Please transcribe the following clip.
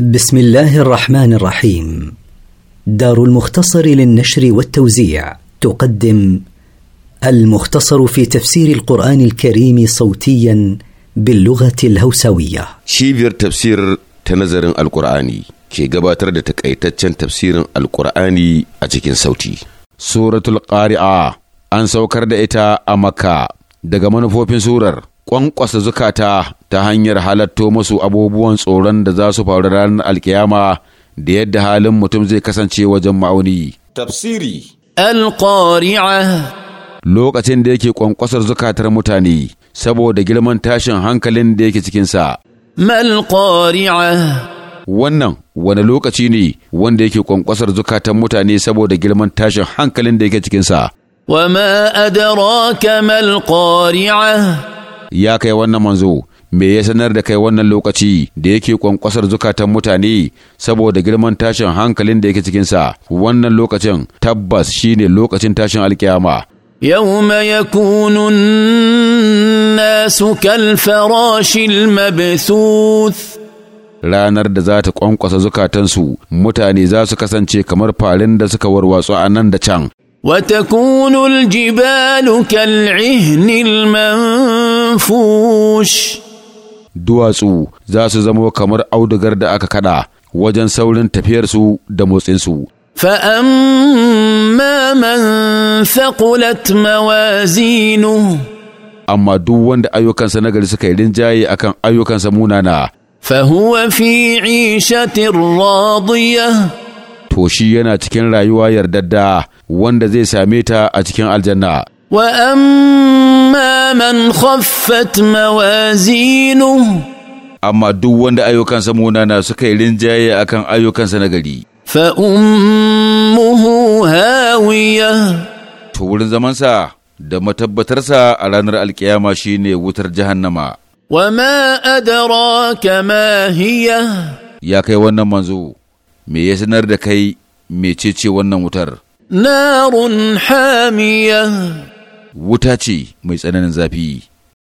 بسم الله الرحمن الرحيم دار المختصر للنشر والتوزيع تقدم المختصر في تفسير القرآن الكريم صوتيا باللغة الهوسوية شيفير تفسير تنظر القرآني كي قباتر تكأيتتشن تفسير القرآني أجيكين صوتي سورة القارئة أنسو سوكر دائتا أمكا دقمان فوبين سورر ƙwanƙwasa zukata ta hanyar halatto musu abubuwan tsoron da za su faru ranar alkiyama da yadda halin mutum zai kasance wajen ma'auni. Tafsiri Alƙari'a Lokacin da yake ƙwanƙwasar zukatar mutane saboda girman tashin hankalin da yake cikinsa. Malƙari'a Wannan wani lokaci ne wanda yake ƙwanƙwasar zukatar mutane saboda girman tashin hankalin da yake cikinsa. Wa ma adraka mal qari'ah ya kai wannan manzo me ya sanar da kai wannan lokaci da yake kwankwasar zukatan mutane saboda girman tashin hankalin da yake cikinsa wannan lokacin tabbas shine lokacin tashin alkiyama يوم يكون الناس كالفراش المبثوث ranar da za ta kwankwasa zukatansu mutane za su kasance kamar farin da suka warwatsu a nan da can. وتكون الجبال كالعهن المنفوش manfush duwatsu za su zamo kamar audugar da aka kada wajen saurin tafiyarsu da motsinsu فأما man ثقلت Mawazinu. amma duk wanda ayyukansa nagari suka yi rinjaye akan ayyukansa munana fahuwa fi ishatin radiya to shi yana cikin rayuwa yardadda wanda zai same ta a cikin aljanna wa man khaffat mawazinu amma duk wanda ayyukansa munana suka yi rinjaye akan ayyukansa na gari fa ummuhu hawiya to wurin da matabbatarsa a ranar alkiyama shine wutar jahannama wa ma adraka ma ya kai wannan manzo me ya sanar da kai ce wannan wutar narun hamiya wuta ce mai tsananin zafi